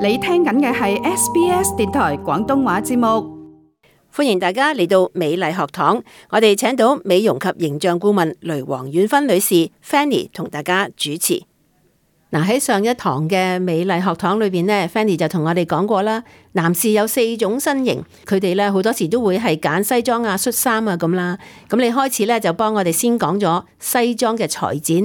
你聽緊嘅係 SBS 電台廣東話節目，歡迎大家嚟到美麗學堂。我哋請到美容及形象顧問雷黃婉芬女士 Fanny 同大家主持。嗱、啊、喺上一堂嘅美麗學堂裏邊 Fanny 就同我哋講過啦，男士有四種身形，佢哋咧好多時都會係揀西裝啊、恤衫啊咁啦。咁你開始呢，就幫我哋先講咗西裝嘅裁剪，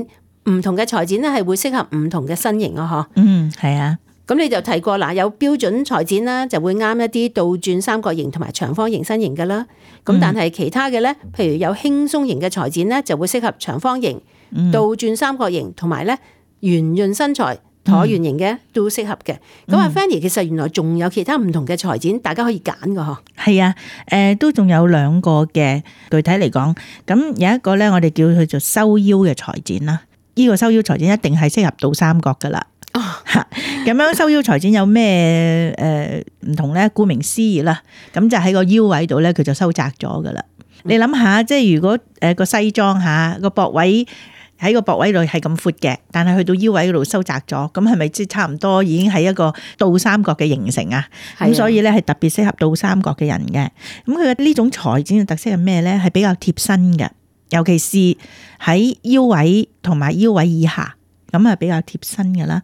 唔同嘅裁剪呢，係會適合唔同嘅身形啊！嗬，嗯，係啊。咁你就提過嗱，有標準裁剪啦，就會啱一啲倒轉三角形同埋長方形身形㗎啦。咁但係其他嘅咧、嗯，譬如有輕鬆型嘅裁剪咧，就會適合長方形、倒、嗯、轉三角形同埋咧圓潤身材、嗯、橢圓形嘅都適合嘅。咁、嗯、啊，Fanny 其實原來仲有其他唔同嘅裁剪，大家可以揀㗎嗬。係啊，誒、呃、都仲有兩個嘅具體嚟講，咁有一個咧，我哋叫佢做收腰嘅裁剪啦。呢、呢個收腰裁剪一定係適合倒三角㗎啦。哦，嚇。 咁樣收腰裁剪有咩誒唔同咧？顧名思義啦，咁就喺個腰位度咧，佢就收窄咗噶啦。你諗下，即係如果誒個、呃、西裝吓個膊位喺個膊位度係咁闊嘅，但係去到腰位嗰度收窄咗，咁係咪即係差唔多已經係一個倒三角嘅形成啊？咁所以咧係特別適合倒三角嘅人嘅。咁佢呢種裁剪嘅特色係咩咧？係比較貼身嘅，尤其是喺腰位同埋腰位以下。咁啊，比較貼身嘅啦。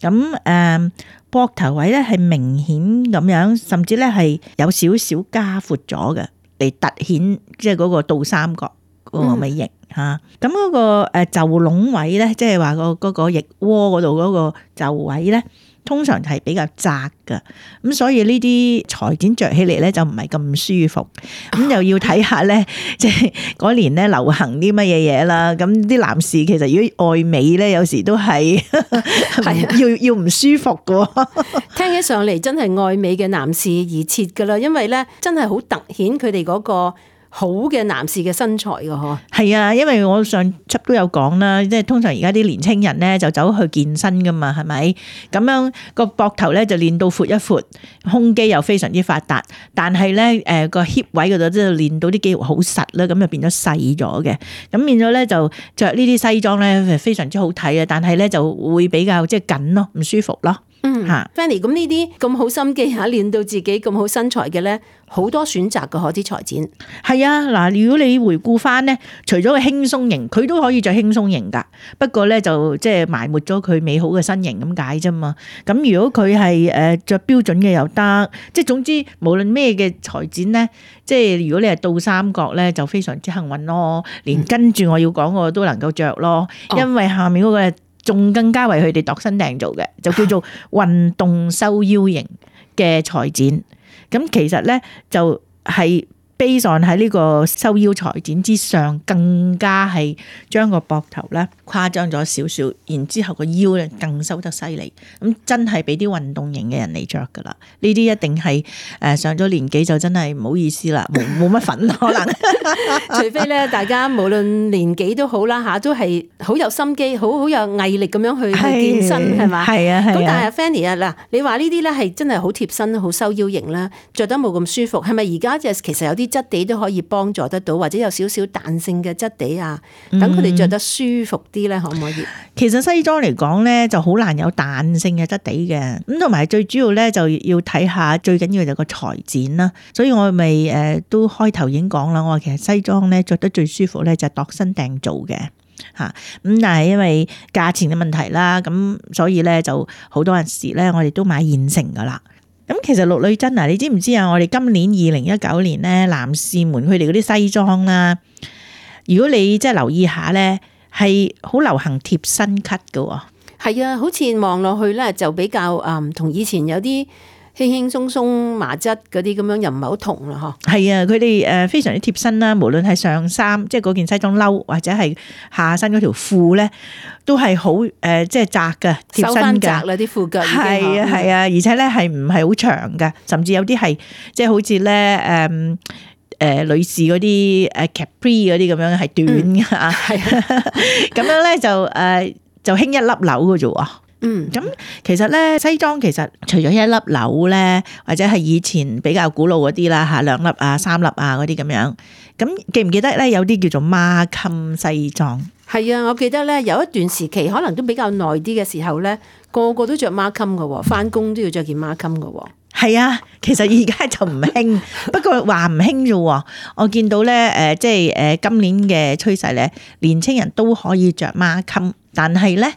咁誒，膊頭位咧係明顯咁樣，甚至咧係有少少加闊咗嘅，嚟突顯即係嗰個倒三角個尾型嚇。咁、嗯、嗰個袖籠位就是、個袖位咧，即係話嗰個腋窩嗰度嗰個袖位咧。通常係比較窄噶，咁所以呢啲裁剪着起嚟咧就唔係咁舒服，咁、oh. 又要睇下咧，即係嗰年咧流行啲乜嘢嘢啦。咁啲男士其實如果愛美咧，有時都係係 要要唔舒服噶。 是啊、 聽起上嚟真係愛美嘅男士而設噶啦，因為咧真係好突顯佢哋嗰個。好嘅男士嘅身材㗎嗬，係啊，因為我上輯都有講啦，即係通常而家啲年青人咧就走去健身噶嘛，係咪？咁樣個膊頭咧就練到闊一闊，胸肌又非常之發達，但係咧誒個 hip 位嗰度即係練到啲肌肉好實啦，咁就變咗細咗嘅，咁變咗咧就着呢啲西裝咧就非常之好睇啊，但係咧就會比較即係緊咯，唔舒服咯。嗯嚇、啊，Fanny，咁呢啲咁好心機嚇，練到自己咁好身材嘅咧，好多選擇嘅可知裁剪。係啊，嗱，如果你回顧翻咧，除咗個輕鬆型，佢都可以着輕鬆型噶。不過咧，就即係埋沒咗佢美好嘅身形咁解啫嘛。咁如果佢係誒著標準嘅又得，即係總之無論咩嘅裁剪咧，即係如果你係倒三角咧，就非常之幸運咯。連跟住我要講我都能夠着咯、嗯，因為下面嗰、嗰個。仲更加為佢哋度身訂造嘅，就叫做運動收腰型嘅裁剪。咁其實咧就係、是。base 喺呢個收腰裁剪之上，更加係將個膊頭咧誇張咗少少，然之後個腰咧更收得犀利。咁真係俾啲運動型嘅人嚟着㗎啦。呢啲一定係誒上咗年紀就真係唔好意思啦，冇冇乜份可能。 除非咧，大家 無論年紀都好啦吓都係好有心機，好好有毅力咁樣去健身係咪？係啊係啊。咁但係 Fanny 啊，嗱，你話呢啲咧係真係好貼身、好收腰型啦，着得冇咁舒服，係咪而家即係其實有啲？啲質地都可以幫助得到，或者有少少彈性嘅質地啊，等佢哋着得舒服啲咧，可唔可以？其實西裝嚟講咧，就好難有彈性嘅質地嘅，咁同埋最主要咧就要睇下最緊要的就個裁剪啦。所以我咪誒都開頭已經講啦，我話其實西裝咧着得最舒服咧就係度身訂造嘅嚇，咁但係因為價錢嘅問題啦，咁所以咧就好多陣時咧我哋都買現成噶啦。咁其實陸女真啊，你知唔知啊？我哋今年二零一九年咧，男士們佢哋嗰啲西裝啦，如果你即係留意一下咧，係好流行貼身 cut 嘅，係啊，好似望落去咧就比較嗯同以前有啲。輕輕松鬆麻質嗰啲咁樣又唔係好同啦嗬。係啊，佢哋誒非常之貼身啦，無論係上衫，即係嗰件西裝褸，或者係下身嗰條褲咧，都係好誒，即係窄嘅，貼身嘅。收翻窄啦啲褲腳。係啊係啊,啊，而且咧係唔係好長嘅，甚至有啲係即係好似咧誒誒女士嗰啲誒 capri 嗰啲咁樣係短嘅。係啊，咁、嗯啊、 樣咧就誒、呃、就輕一粒鈕嘅啫。嗯，咁其實咧西裝其實除咗一粒紐咧，或者係以前比較古老嗰啲啦吓，兩粒啊、三粒啊嗰啲咁樣。咁記唔記得咧有啲叫做孖襟西裝？係啊，我記得咧有一段時期可能都比較耐啲嘅時候咧，個個都着孖襟嘅，翻工，都要着件孖襟嘅。係啊，其實而家就唔興， 不過話唔興啫。我見到咧，誒，即係誒，今年嘅趨勢咧，年青人都可以着孖襟，但係咧。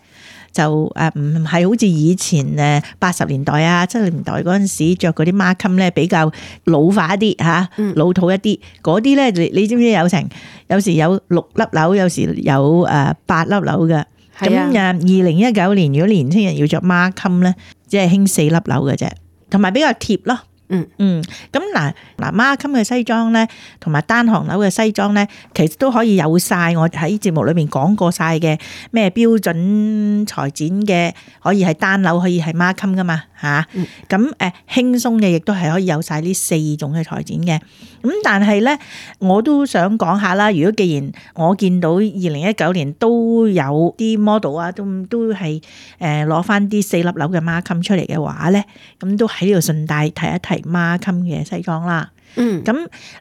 就誒，唔係好似以前誒，八十年代啊、七十年代嗰陣時著嗰啲孖襟咧，比較老化一啲嚇，老土一啲嗰啲咧，你你知唔知有成有時有六粒紐，有時有誒，八粒紐嘅。咁啊，二零一九年如果年輕人要着孖襟咧，只係興四粒紐嘅啫，同埋比較貼咯。嗯、mm. 嗯，咁嗱嗱孖襟嘅西裝咧，同埋單行樓嘅西裝咧，其實都可以有曬，我喺節目裏面講過曬嘅咩標準裁剪嘅，可以係單樓，可以係孖襟噶嘛吓。咁誒輕鬆嘅亦都係可以有曬呢四種嘅裁剪嘅。咁但係咧，我都想講下啦。如果既然我見到二零一九年都有啲 model 啊，都都係誒攞翻啲四粒樓嘅孖襟出嚟嘅話咧，咁都喺呢度順帶睇一睇。孖襟嘅西裝啦，咁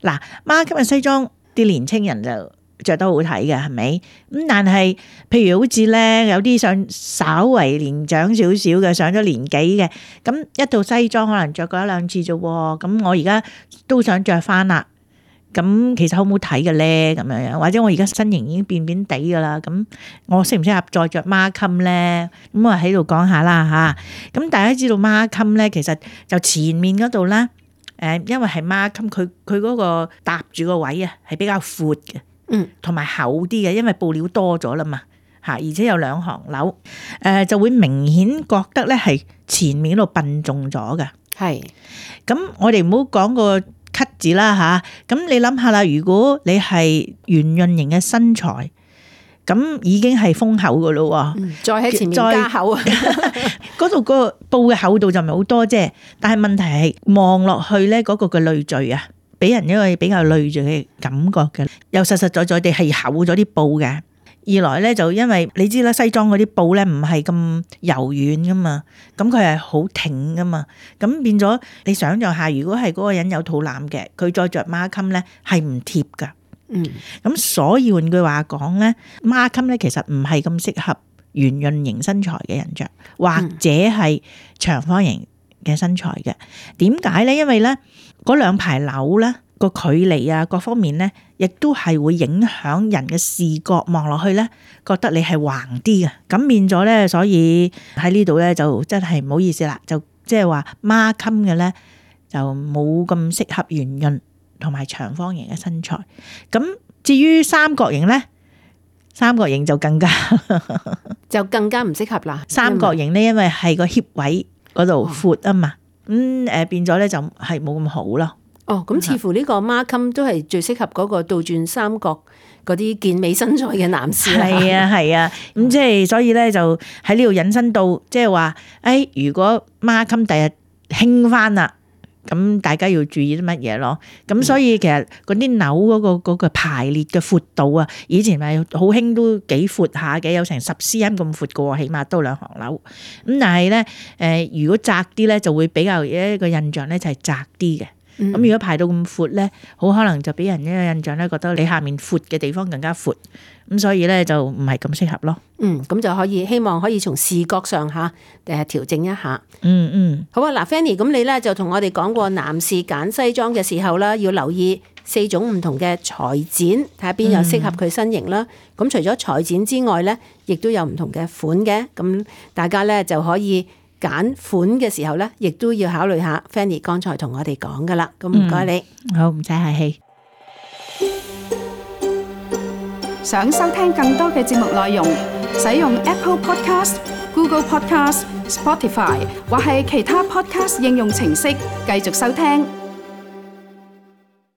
嗱，孖襟嘅西裝，啲年青人就着得好睇嘅，係咪？咁但係，譬如好似咧，有啲想稍為年長少少嘅，上咗年紀嘅，咁一套西裝可能着過一兩次啫，咁我而家都想着翻啦。咁其實好唔好睇嘅咧？咁樣樣，或者我而家身形已經變變地嘅啦。咁我適唔適合再着孖襟咧？咁我喺度講下啦吓，咁大家知道孖襟咧，其實就前面嗰度啦。誒，因為係孖襟，佢佢嗰個搭住個位啊，係比較闊嘅，嗯，同埋厚啲嘅，因為布料多咗啦嘛嚇。而且有兩行鈕，誒就會明顯覺得咧係前面嗰度笨重咗嘅。係。咁我哋唔好講個字啦吓，咁你諗下啦，如果你係圓潤型嘅身材，咁已經係豐厚噶咯，嗯，再喺前面加厚，嗰度 個布嘅厚度就唔係好多啫。但係問題係望落去咧，嗰個嘅累贅啊，俾人因為比較累贅嘅感覺嘅，又實實在在地係厚咗啲布嘅。二來咧就因為你知啦，西裝嗰啲布咧唔係咁柔軟噶嘛，咁佢係好挺噶嘛，咁變咗你想象下，如果係嗰個人有肚腩嘅，佢再着孖襟咧係唔貼噶。嗯，咁所以換句話講咧，孖襟咧其實唔係咁適合圓潤型身材嘅人着，或者係長方形嘅身材嘅。點解咧？因為咧嗰兩排紐咧。個距離啊，各方面咧，亦都係會影響人嘅視覺，望落去咧，覺得你係橫啲嘅，咁變咗咧，所以喺呢度咧就真係唔好意思啦，就即係話孖襟嘅咧就冇咁適合圓潤同埋長方形嘅身材。咁至於三角形咧，三角形就更加 就更加唔適合啦。三角形咧，因為係個脅位嗰度闊啊嘛，咁、嗯、誒、嗯、變咗咧就係冇咁好咯。哦，咁似乎呢個孖襟都係最適合嗰個倒轉三角嗰啲健美身材嘅男士。係、嗯、啊，係啊，咁即係所以咧，就喺呢度引申到，即係話，誒、哎，如果孖襟第日興翻啦，咁大家要注意啲乜嘢咯？咁所以其實嗰啲紐嗰個排列嘅闊度啊，以前咪好興都幾闊下嘅，有成十 CM 咁闊嘅喎，起碼都兩行紐。咁但係咧，誒、呃，如果窄啲咧，就會比較一個印象咧就係窄啲嘅。咁、嗯、如果排到咁闊咧，好可能就俾人呢個印象咧，覺得你下面闊嘅地方更加闊，咁所以咧就唔係咁適合咯。嗯，咁就可以希望可以從視覺上嚇誒調整一下。嗯嗯，好啊，嗱，Fanny，咁你咧就同我哋講過男士揀西裝嘅時候啦，要留意四種唔同嘅裁剪，睇下邊樣適合佢身形啦。咁、嗯、除咗裁剪之外咧，亦都有唔同嘅款嘅，咁大家咧就可以。揀款嘅時候咧，亦都要考慮下 Fanny 剛才同我哋講㗎喇，咁唔該你，好唔使客氣。想收聽更多嘅節目內容，使用 Apple Podcast、Google Podcast、Spotify 或係其他 Podcast 應用程式繼續收聽。